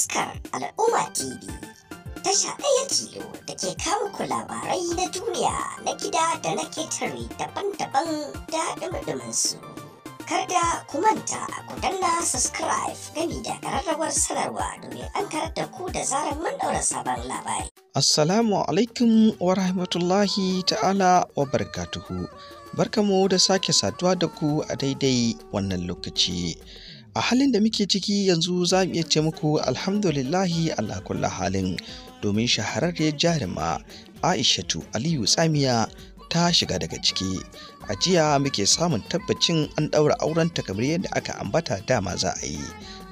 taskar al'umma tv tasha ɗaya tilo da ke kawo ku labarai na duniya na gida da na ketare daban-daban da ɗumɗumin su kada ku manta a ku danna subscribe gani da ƙararrawar sanarwa domin an karar da ku da zarar mun ɗaura sabon labari assalamu alaikum wa rahmatullahi ta'ala wa barakatuhu barkamu da sake saduwa da ku a daidai wannan lokaci a halin da muke ciki yanzu za mu iya ce muku alhamdulillahi ala kulla halin domin shahararriyar jarima aishatu aliyu tsamiya ta shiga daga ciki a jiya muke samun tabbacin an ɗaura auren kamar yadda aka ambata dama za a yi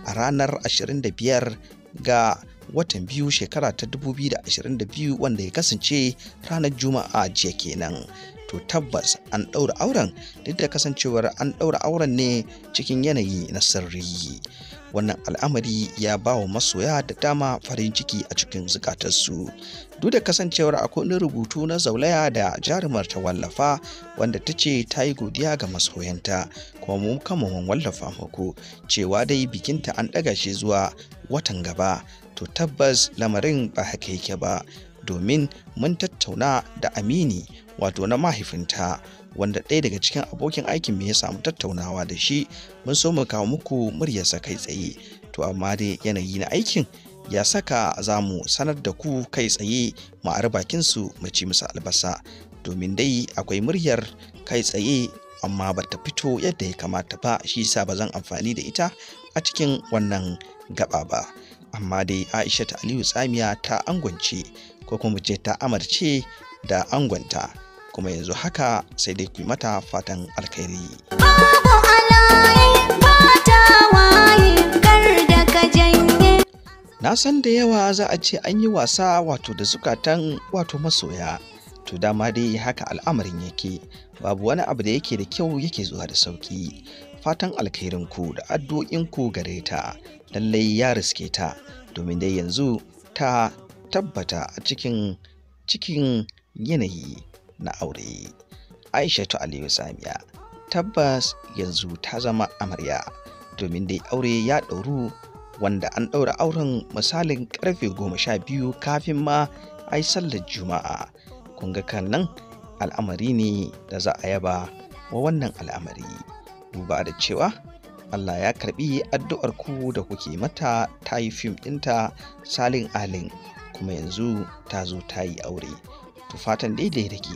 a ranar 25 ga watan biyu shekara ta 2022 wanda ya kasance ranar juma'a jiya kenan to tabbas an ɗaura auren duk da kasancewar an ɗaura auren ne cikin yanayi na sirri wannan al'amari ya ba wa masoya da dama farin ciki a cikin zukatarsu duk da kasancewar akwai rubutu na zaulaya da jarumar ta wallafa wanda ta ce ta yi godiya ga masoyanta kuma mu kama wallafa muku cewa dai bikinta an ɗaga shi zuwa watan gaba to tabbas lamarin ba haka yake ba domin mun tattauna da amini wato na mahaifinta wanda ɗaya daga cikin abokin aikin mu ya samu tattaunawa da shi mun so mu kawo muku muryarsa kai tsaye to amma dai yanayi na aikin ya saka za mu sanar da ku kai tsaye ma'ar bakinsu mu ci musu albasa domin dai akwai muryar kai tsaye amma ba ta fito yadda ya kamata ba shi sa ba zan amfani da ita a cikin wannan gaba ba amma dai aisha ta aliyu tsamiya ta angwance ko kuma mu ce ta amarce da angwanta kuma yanzu haka sai dai ku mata fatan alkhairi na san da yawa za a ce an yi wasa wato da zukatan wato masoya to dama dai haka al'amarin yake babu wani abu da yake da kyau yake zuwa da sauki fatan alkhairinku da addu'o'inku gare ta lallai ya riske ta domin dai yanzu ta tabbata a cikin cikin yanayi na aure Aisha aishatu aliyu samiya tabbas yanzu ta zama amarya domin dai aure ya ɗauru wanda an ɗaura auren misalin karfe goma sha biyu kafin ma a yi sallar juma'a kun ga kan nan al'amari ne da za a yaba wa wannan al'amari duba da cewa Allah ya karbi addu'ar ku da kuke mata ta yi fim ɗinta salin alin kuma yanzu ta zo ta yi aure to fatan daidai da ke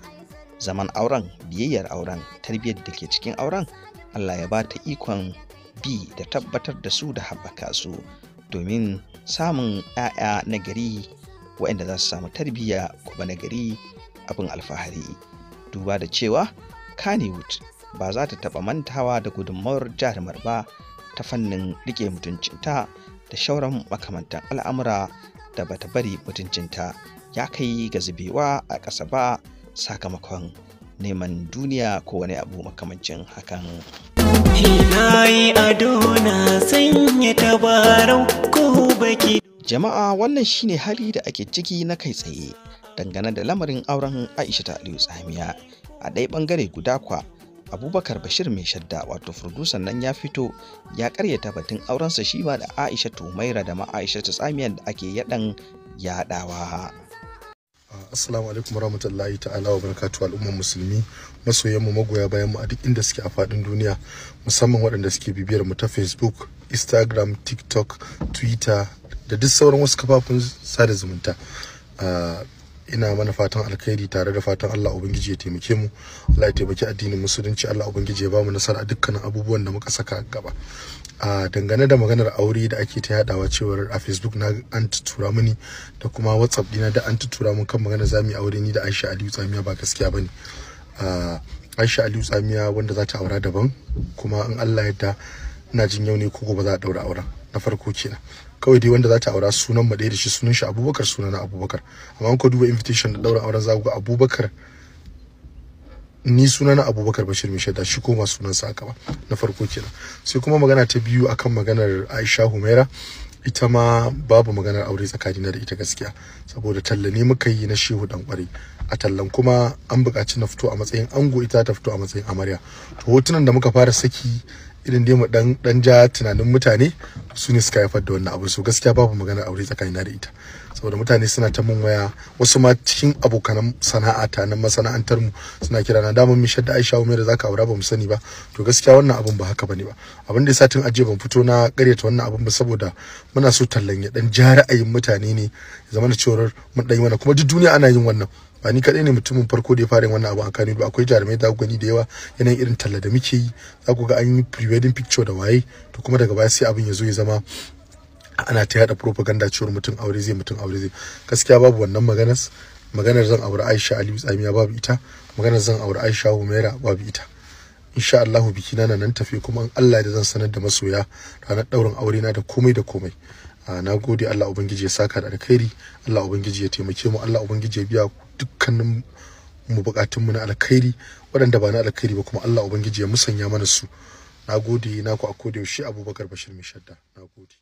zaman auren biyayyar auren tarbiyyar da ke cikin auren Allah ya ba ta ikon bi da tabbatar da su da haɓaka su domin samun 'ya'ya na gari wa'inda za su samu tarbiyya kuma na gari abin alfahari duba da cewa Kannywood ba za ta taɓa mantawa da gudunmawar jarumar ba ta fannin rike mutuncinta da shauran makamantan al'amura da bata bari mutuncinta ya kai ga zubewa a ƙasa ba sakamakon neman duniya ko wani abu makamancin hakan. Jama'a wannan shine hali da ake ciki na kai tsaye dangane da lamarin auren Aisha ta Aliyu Tsamiya. A ɗaya ɓangare guda kwa abubakar bashir mai shadda wato furdusan nan ya fito ya karyata batun aurensa shi ma da aisha tumaira da ma aisha ta tsamiyar da ake yadan yadawa ah, Assalamu alaikum warahmatullahi ta'ala wa barakatu al'ummar musulmi masoyanmu magoya bayan mu a duk inda suke a fadin duniya musamman waɗanda suke bibiyar mu ta Facebook, Instagram, TikTok, Twitter da duk sauran wasu kafafun sada zumunta. Ah, ina mana fatan alkhairi tare da fatan Allah ubangiji ya taimake mu Allah ya taimaki addinin musulunci Allah ubangiji ya bamu nasara a dukkanin abubuwan da muka saka gaba a dangane da maganar aure da ake ta yadawa cewar a Facebook na an tura mini da kuma WhatsApp dina da an tura mun kan magana zamu yi aure ni da Aisha Aliyu Tsamiya ba gaskiya bane a Aisha Aliyu Tsamiya wanda za ta aura daban kuma in Allah ya yarda ina jin yau ne ko gobe za a daura auren na farko kenan kawai dai wanda za ta aura sunan ma ɗaya da shi sunan shi abubakar sunan abubakar amma ka duba invitation da daura auren za ku ga abubakar ni sunan abubakar bashir mai shaida shi koma sunan sa haka ba na farko kenan sai kuma magana ta biyu akan maganar aisha humaira ita ma babu maganar aure tsakani na da ita gaskiya saboda talla ne muka yi na shehu dan kwarai a tallan kuma an buƙaci na fito a matsayin ango ita ta fito a matsayin amarya to hotunan da muka fara saki irin dai mu dan dan ja tunanin mutane su ne suka haifar da wannan abu so gaskiya babu magana aure tsakanin da ita saboda mutane suna ta mun waya wasu ma cikin abokanan sana'ata na masana'antar mu suna kira na damar mishar da Aisha Umar zaka aura ba mu sani ba to gaskiya wannan abun ba haka bane ba abin da yasa tun ajiye ban fito na karyata wannan abun ba saboda muna so tallan ya dan ja ra'ayin mutane ne zamana cewar mun dan yi mana kuma duk duniya ana yin wannan ba ni kadai ne mutumin farko da ya fara wannan abu a Kano ba akwai jarumai da gani da yawa yanayin irin talla da muke yi za ku ga an yi pre-wedding picture da waye to kuma daga baya sai abin ya zo ya zama ana ta yada propaganda cewa mutum aure zai mutum aure zai gaskiya babu wannan maganas maganar zan aure Aisha Aliyu Tsamiya babu ita maganar zan aure Aisha Humaira babu ita insha Allahu biki na nan tafi kuma in Allah da zan sanar da masoya ranar daurin aure na da komai da komai Ah, na gode Allah ubangiji ya saka da alkhairi Allah ubangiji ya taimake mu Allah ubangiji ya biya dukkanin mu bukatun mu na alkhairi waɗanda ba na alkhairi ba kuma Allah ubangiji ya musanya mana su na gode na ku a koda yaushe Abubakar Bashir Mishadda na gode